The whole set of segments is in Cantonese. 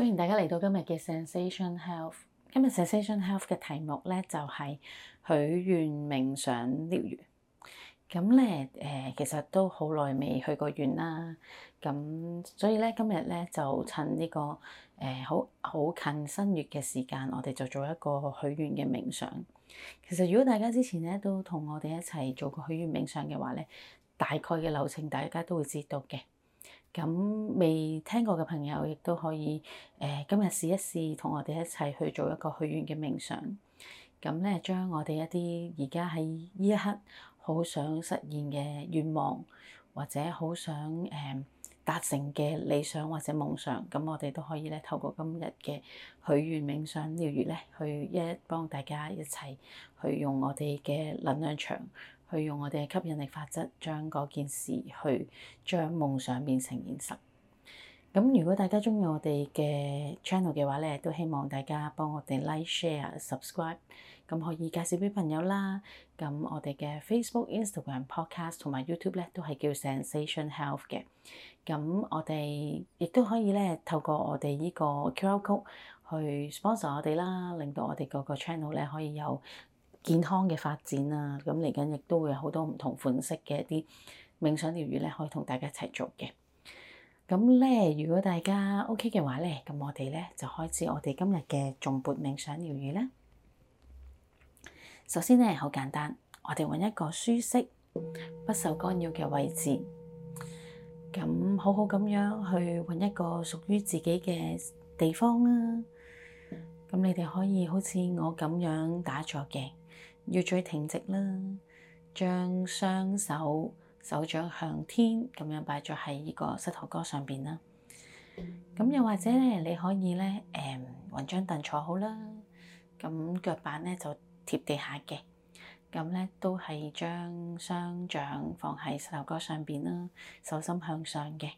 歡迎大家嚟到今日嘅 Zensation Health。今日 Zensation Health 嘅題目咧就係許願冥想療癒。咁咧誒、其實都好耐未去過院啦。咁、嗯、所以咧今日咧就趁呢、這個誒好好近新月嘅時間，我哋就做一個許願嘅冥想。其實如果大家之前咧都同我哋一齊做過許願冥想嘅話咧，大概嘅流程大家都會知道嘅。咁未聽過嘅朋友，亦都可以誒，今日試一試同我哋一齊去做一個許願嘅冥想。咁咧，將我哋一啲而家喺呢一刻好想實現嘅願望，或者好想誒、呃、達成嘅理想或者夢想，咁我哋都可以咧透過今日嘅許願冥想療癒咧，去一幫大家一齊去用我哋嘅能量場。去用我哋嘅吸引力法則將件事去將夢想變成現實咁如果大家中意我哋嘅 channel 嘅話咧都希望大家幫我哋 like share subscribe 咁可以介紹俾朋友啦咁我哋嘅 facebook instagram podcast 同埋 youtube 咧都係叫 sensation health 嘅咁我哋亦都可以咧透過我哋呢個 ql 曲去 sponsor 我哋啦令到我哋個 channel 咧可以有健康嘅發展啊！咁嚟緊亦都會有好多唔同款式嘅一啲冥想療愈咧，可以同大家一齊做嘅。咁呢，如果大家 OK 嘅話呢，咁我哋呢就開始我哋今日嘅頌缽冥想療愈啦。首先呢，好簡單，我哋揾一個舒適、不受干擾嘅位置，咁好好咁樣去揾一個屬於自己嘅地方啦。咁你哋可以好似我咁樣打坐嘅。要再挺直啦，將雙手手掌向天咁樣擺咗喺呢個膝頭哥上邊啦。咁又或者咧，你可以咧，誒，揾張凳坐好啦。咁腳板咧就貼地下嘅。咁咧都係將雙掌放喺膝頭哥上邊啦，手心向上嘅。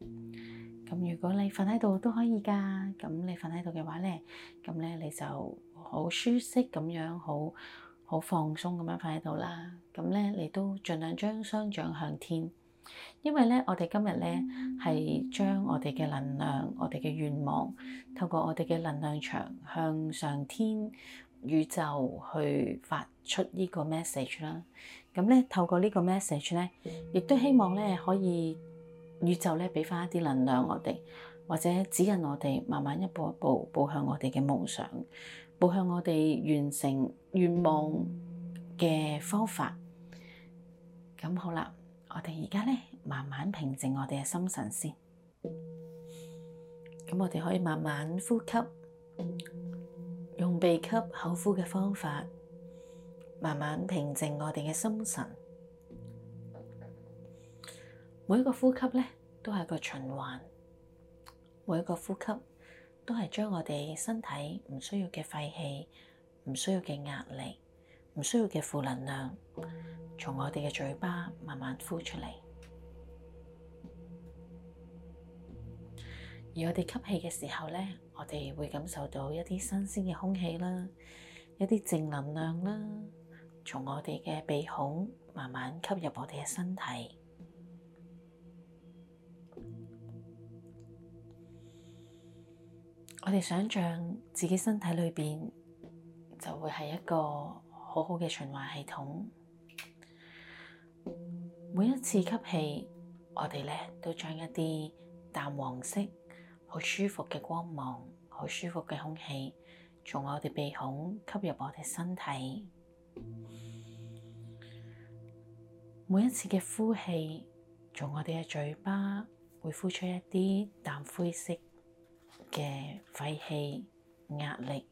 咁如果你瞓喺度都可以噶。咁你瞓喺度嘅話咧，咁咧你就好舒適咁樣好。好放鬆咁樣瞓喺度啦，咁咧你都盡量將雙掌向天，因為咧我哋今日咧係將我哋嘅能量、我哋嘅願望，透過我哋嘅能量場向上天宇宙去發出呢個 message 啦。咁咧透過呢個 message 咧，亦都希望咧可以宇宙咧俾翻一啲能量我哋，或者指引我哋慢慢一步一步步向我哋嘅夢想。步向我哋完成願望嘅方法，咁好啦，我哋而家咧慢慢平靜我哋嘅心神先。咁我哋可以慢慢呼吸，用鼻吸口呼嘅方法，慢慢平靜我哋嘅心神。每一個呼吸咧，都係一個循環，每一個呼吸。都係將我哋身體唔需要嘅廢氣、唔需要嘅壓力、唔需要嘅負能量，從我哋嘅嘴巴慢慢呼出嚟。而我哋吸氣嘅時候咧，我哋會感受到一啲新鮮嘅空氣啦，一啲正能量啦，從我哋嘅鼻孔慢慢吸入我哋嘅身體。我哋想象自己身體裏邊就會係一個好好嘅循環系統。每一次吸氣，我哋咧都將一啲淡黃色、好舒服嘅光芒、好舒服嘅空氣，從我哋鼻孔吸入我哋身體。每一次嘅呼氣，從我哋嘅嘴巴會呼出一啲淡灰色嘅廢氣壓力，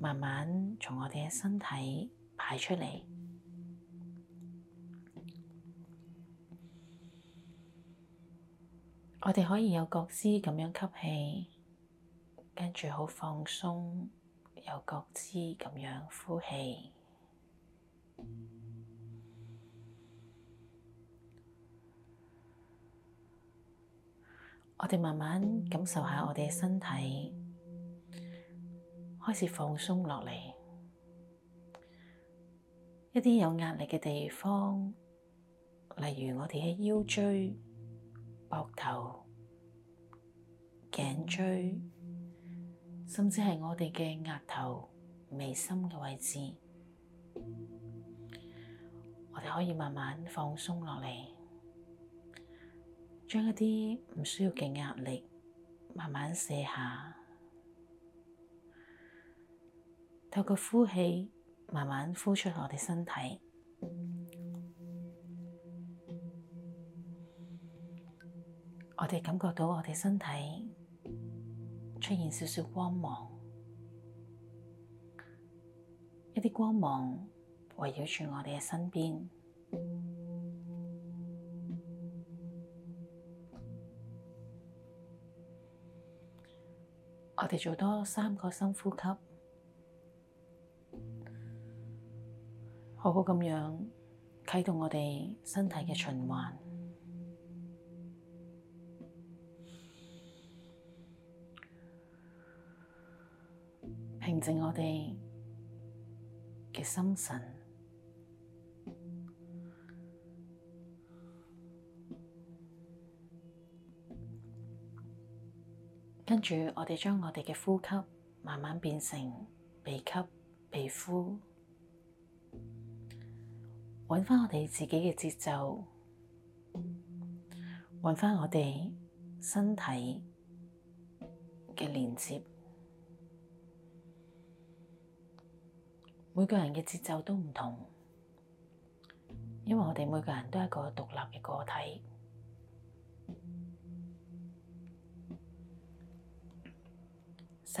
慢慢從我哋嘅身體排出嚟。我哋可以有覺知咁樣吸氣，跟住好放鬆，有覺知咁樣呼氣。我哋慢慢感受下我哋嘅身體，開始放鬆落嚟，一啲有壓力嘅地方，例如我哋嘅腰椎、膊頭、頸椎，甚至係我哋嘅額頭、眉心嘅位置，我哋可以慢慢放鬆落嚟。將一啲唔需要嘅壓力慢慢卸下，透過呼氣慢慢呼出我哋身體。我哋感覺到我哋身體出現少少光芒，一啲光芒圍繞住我哋嘅身邊。我哋做多三個深呼吸，好好咁樣啟動我哋身體嘅循環，平靜我哋嘅心神。跟住，我哋將我哋嘅呼吸慢慢變成鼻吸鼻呼，揾返我哋自己嘅節奏，揾返我哋身體嘅連接。每個人嘅節奏都唔同，因為我哋每個人都係一個獨立嘅個體。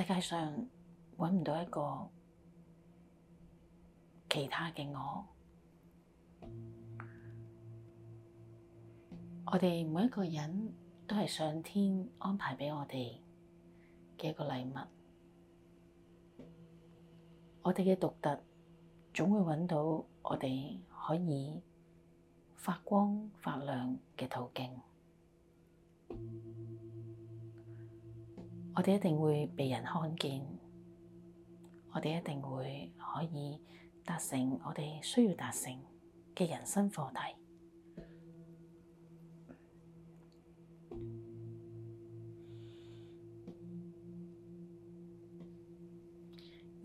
世界上揾唔到一個其他嘅我，我哋每一個人都係上天安排俾我哋嘅一個禮物，我哋嘅獨特總會揾到我哋可以發光發亮嘅途徑。我哋一定會被人看見，我哋一定會可以達成我哋需要達成嘅人生課題。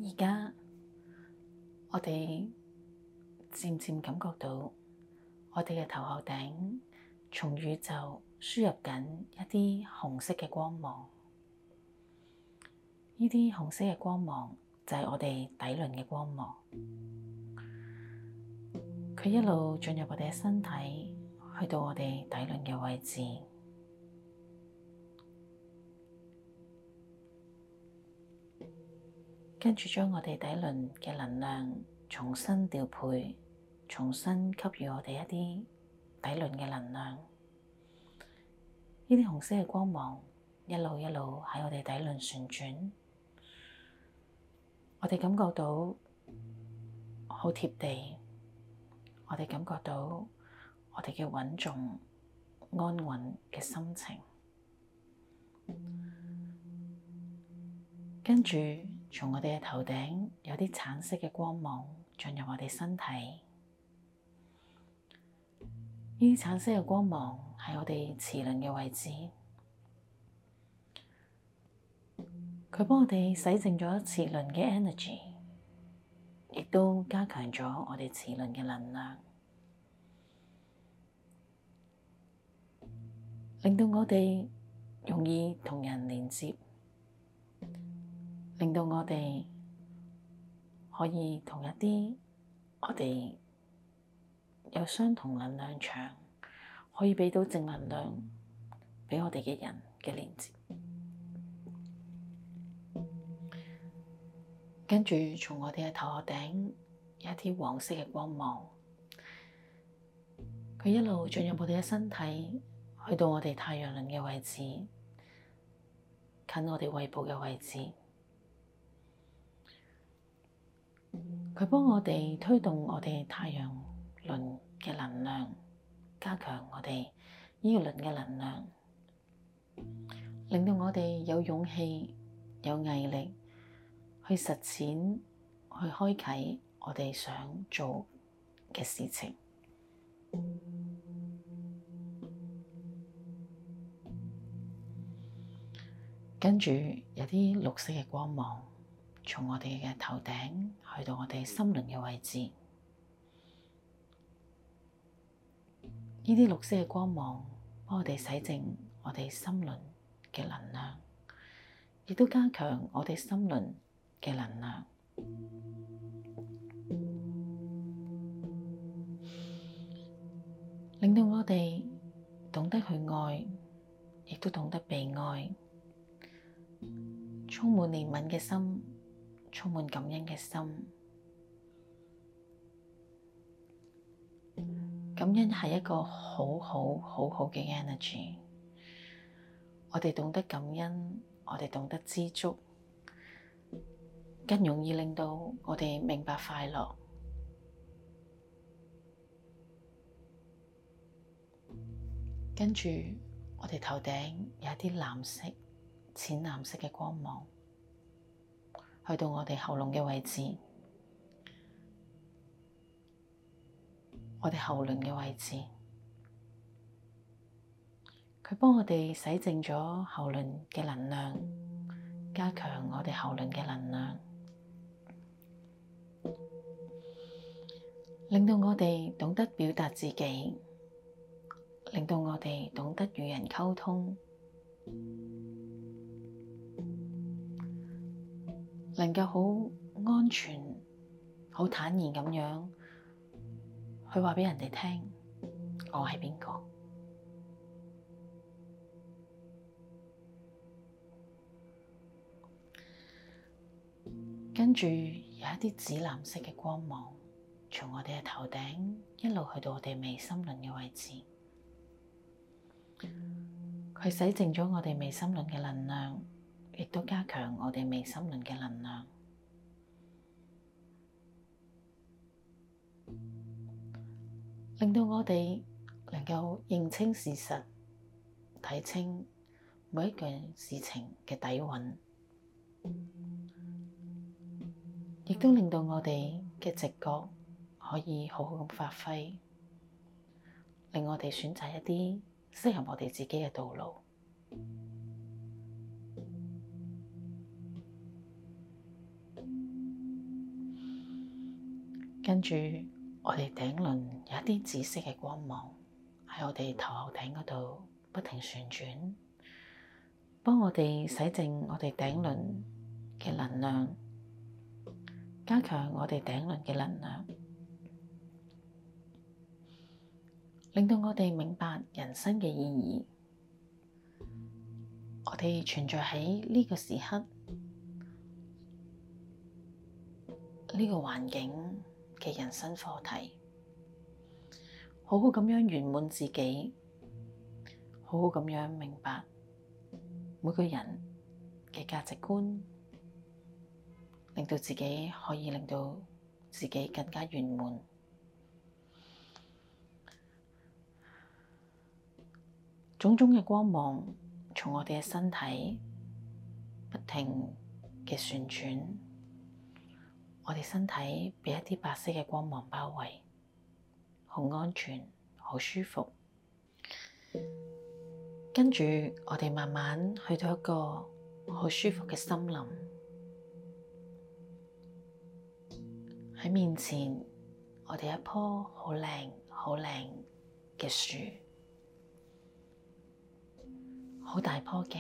而家我哋漸漸感覺到，我哋嘅頭殼頂從宇宙輸入緊一啲紅色嘅光芒。呢啲紅色嘅光芒就係我哋底輪嘅光芒，佢一路進入我哋嘅身體，去到我哋底輪嘅位置，跟住將我哋底輪嘅能量重新調配，重新給予我哋一啲底輪嘅能量。呢啲紅色嘅光芒一路一路喺我哋底輪旋轉。我哋感覺到好貼地，我哋感覺到我哋嘅穩重、安穩嘅心情。跟住，從我哋嘅頭頂有啲橙色嘅光芒進入我哋身體。呢啲橙色嘅光芒喺我哋臍輪嘅位置。佢幫我哋洗淨咗磁輪嘅 energy，亦都加強咗我哋磁輪嘅能量，令到我哋容易同人連接，令到我哋可以同一啲我哋有相同能量場，可以畀到正能量畀我哋嘅人嘅連接。跟住從我哋嘅頭殼頂有一啲黃色嘅光芒，佢一路進入我哋嘅身體，去到我哋太陽輪嘅位置，近我哋胃部嘅位置。佢幫我哋推動我哋太陽輪嘅能量，加強我哋呢個輪嘅能量，令到我哋有勇氣、有毅力。去實踐，去開啟我哋想做嘅事情。跟住有啲綠色嘅光芒從我哋嘅頭頂去到我哋心輪嘅位置，呢啲綠色嘅光芒幫我哋洗淨我哋心輪嘅能量，亦都加強我哋心輪。嘅能量，令到我哋懂得去愛，亦都懂得被愛，充滿憐憫嘅心，充滿感恩嘅心。感恩係一個好好好好嘅 energy，我哋懂得感恩，我哋懂得知足。更容易令到我哋明白快樂。跟住，我哋頭頂有一啲藍色、淺藍色嘅光芒，去到我哋喉嚨嘅位置，我哋喉輪嘅位置，佢幫我哋洗淨咗喉輪嘅能量，加強我哋喉輪嘅能量。令到我哋懂得表達自己，令到我哋懂得與人溝通，能夠好安全、好坦然咁樣去話俾人哋聽，我係邊個。跟住有一啲紫藍色嘅光芒。從我哋嘅頭頂一路去到我哋眉心輪嘅位置，佢洗淨咗我哋眉心輪嘅能量，亦都加強我哋眉心輪嘅能量，令到我哋能夠認清事實，睇清每一件事情嘅底蘊，亦都令到我哋嘅直覺。可以好好咁發揮，令我哋選擇一啲適合我哋自己嘅道路。跟住我哋頂輪有一啲紫色嘅光芒喺我哋頭殼頂嗰度不停旋轉，幫我哋洗淨我哋頂輪嘅能量，加強我哋頂輪嘅能量。令到我哋明白人生嘅意義，我哋存在喺呢個時刻，呢個環境嘅人生課題，好好咁樣圓滿自己，好好咁樣明白每個人嘅價值觀，令到自己可以令到自己更加圓滿。種種嘅光芒從我哋嘅身體不停嘅旋轉，我哋身體被一啲白色嘅光芒包圍，好安全，好舒服。跟住我哋慢慢去到一個好舒服嘅森林，喺面前我哋一棵好靚、好靚嘅樹。好大棵嘅，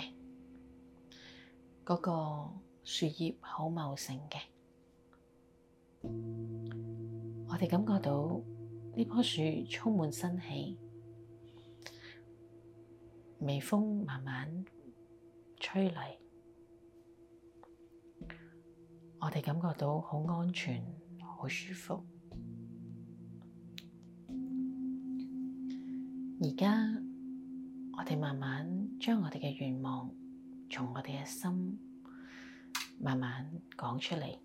嗰個樹葉好茂盛嘅。我哋感覺到呢棵樹充滿生氣，微風慢慢吹嚟，我哋感覺到好安全，好舒服。而家。我哋慢慢將我哋嘅願望從我哋嘅心慢慢講出嚟。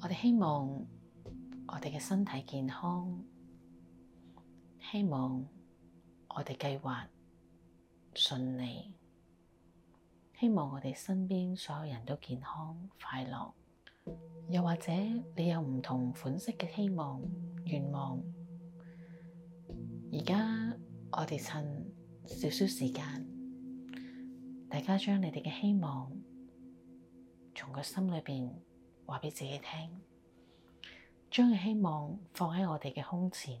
我哋希望我哋嘅身體健康，希望我哋計劃順利，希望我哋身邊所有人都健康快樂。又或者你有唔同款式嘅希望、願望，而家我哋趁少少時間，大家將你哋嘅希望從個心裏邊話俾自己聽，將你希望放喺我哋嘅胸前。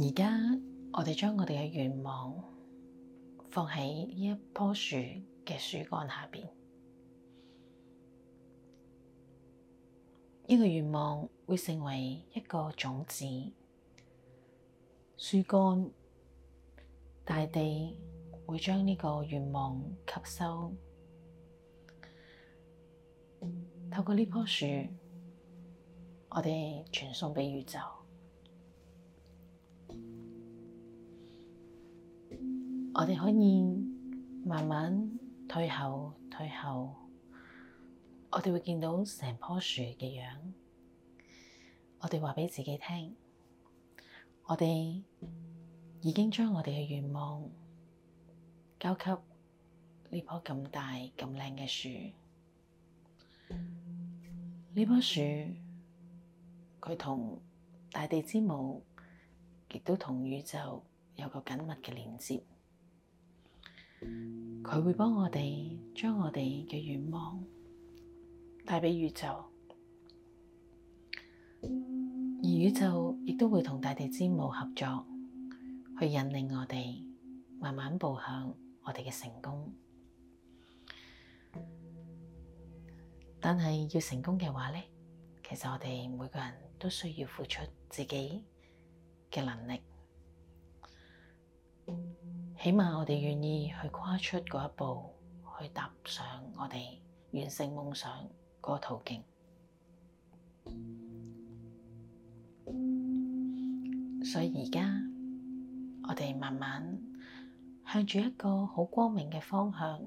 而家我哋將我哋嘅願望放喺呢一棵樹嘅樹幹下邊，呢個願望會成為一個種子，樹幹、大地會將呢個願望吸收，透過呢棵樹，我哋傳送畀宇宙。我哋可以慢慢退後，退後，我哋會見到成棵樹嘅樣。我哋話畀自己聽，我哋已經將我哋嘅願望交給呢棵咁大咁靚嘅樹。呢棵樹，佢同大地之母，亦都同宇宙有個緊密嘅連接。佢會幫我哋將我哋嘅願望帶畀宇宙，而宇宙亦都會同大地之母合作，去引領我哋慢慢步向我哋嘅成功。但係要成功嘅話咧，其實我哋每個人都需要付出自己嘅能力。起碼我哋願意去跨出嗰一步，去踏上我哋完成夢想嗰途徑。所以而家我哋慢慢向住一個好光明嘅方向，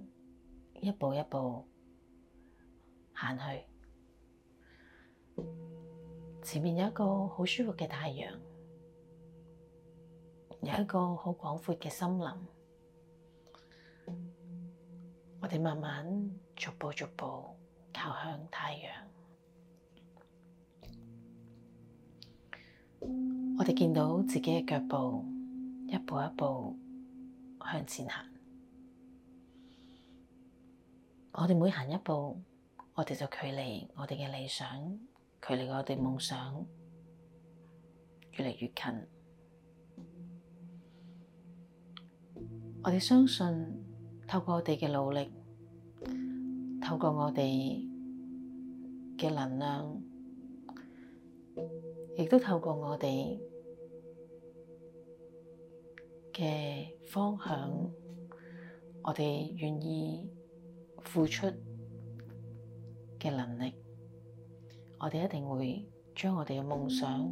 一步一步行去。前面有一個好舒服嘅太陽。有一個好廣闊嘅森林，我哋慢慢、逐步、逐步靠向太陽。我哋見到自己嘅腳步一步一步向前行。我哋每行一步，我哋就距離我哋嘅理想、距離我哋嘅夢想越嚟越近。我哋相信，透過我哋嘅努力，透過我哋嘅能量，亦都透過我哋嘅方向，我哋願意付出嘅能力，我哋一定會將我哋嘅夢想、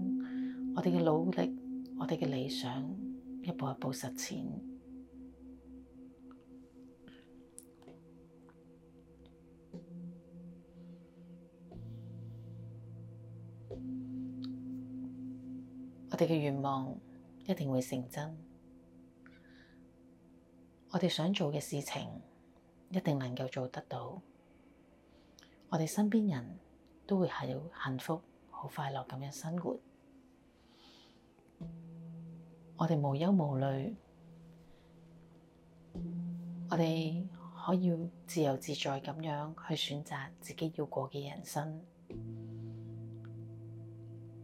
我哋嘅努力、我哋嘅理想，一步一步實踐。我哋嘅願望一定會成真，我哋想做嘅事情一定能夠做得到，我哋身邊人都會係好幸福、好快樂咁樣生活，我哋無憂無慮，我哋可以自由自在咁樣去選擇自己要過嘅人生。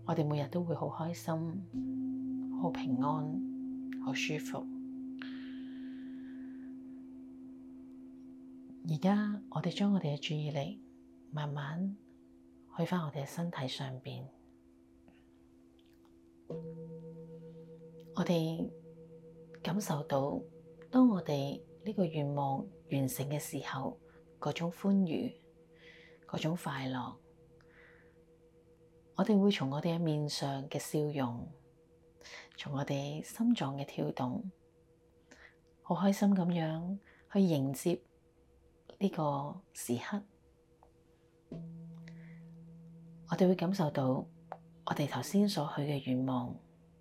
我哋每日都會好開心、好平安、好舒服。而家我哋將我哋嘅注意力慢慢去返我哋嘅身體上邊，我哋感受到當我哋呢個願望完成嘅時候，嗰種歡愉、嗰種快樂。我哋會從我哋嘅面上嘅笑容，從我哋心臟嘅跳動，好開心咁樣去迎接呢個時刻。我哋會感受到我哋頭先所許嘅願望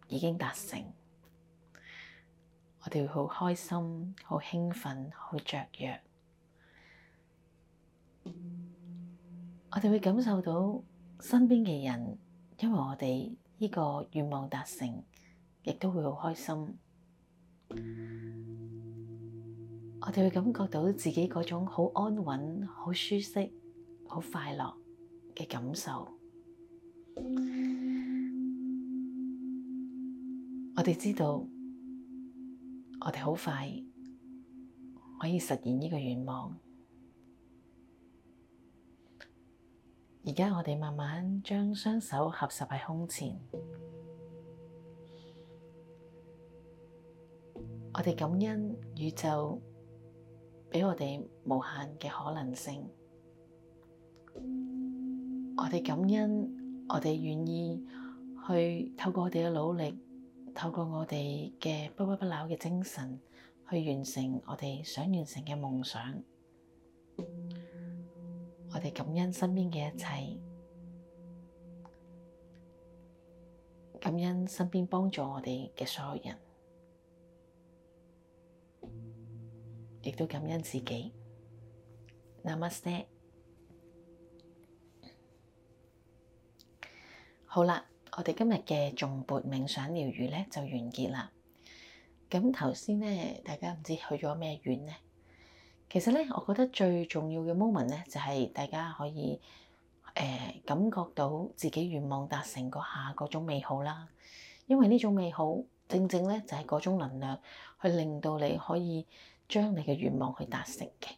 已經達成。我哋會好開心、好興奮、好雀躍。我哋會感受到。身邊嘅人，因為我哋呢個願望達成，亦都會好開心。我哋會感覺到自己嗰種好安穩、好舒適、好快樂嘅感受。我哋知道，我哋好快可以實現呢個願望。而家我哋慢慢將雙手合十喺胸前，我哋感恩宇宙畀我哋無限嘅可能性，我哋感恩我哋願意去透過我哋嘅努力，透過我哋嘅不屈不撓嘅精神，去完成我哋想完成嘅夢想。我哋感恩身邊嘅一切，感恩身邊幫助我哋嘅所有人，亦都感恩自己。Namaste。好啦，我哋今日嘅頌缽冥想療癒咧就完結啦。咁頭先咧，大家唔知去咗咩院咧？其實咧，我覺得最重要嘅 moment 咧，就係大家可以誒、呃、感覺到自己願望達成嗰下嗰種美好啦。因為呢種美好，正正咧就係嗰種能量，去令到你可以將你嘅願望去達成嘅。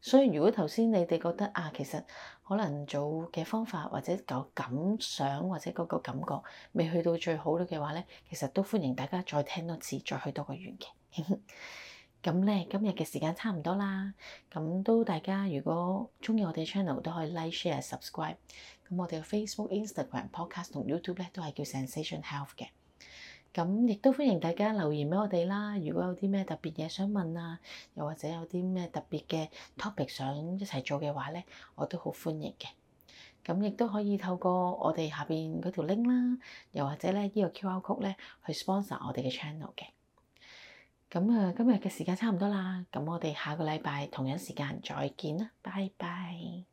所以如果頭先你哋覺得啊，其實可能做嘅方法或者夠感想或者嗰個感覺未去到最好嘅話咧，其實都歡迎大家再聽多次，再去多個願景。 咁咧，今日嘅時間差唔多啦。咁都大家如果中意我哋 channel，都可以 like、share、subscribe。咁我哋嘅 Facebook、Instagram、Podcast 同 YouTube 咧，都係叫 Zensation Health 嘅。咁亦都歡迎大家留言俾我哋啦。如果有啲咩特別嘢想問啊，又或者有啲咩特別嘅 topic 想一齊做嘅話咧，我都好歡迎嘅。咁亦都可以透過我哋下邊嗰條 link 啦，又或者咧呢個 QR Code 咧去 sponsor 我哋嘅 channel 嘅。咁啊，今日嘅時間差唔多啦，咁我哋下個禮拜同一時間再見啦，拜拜。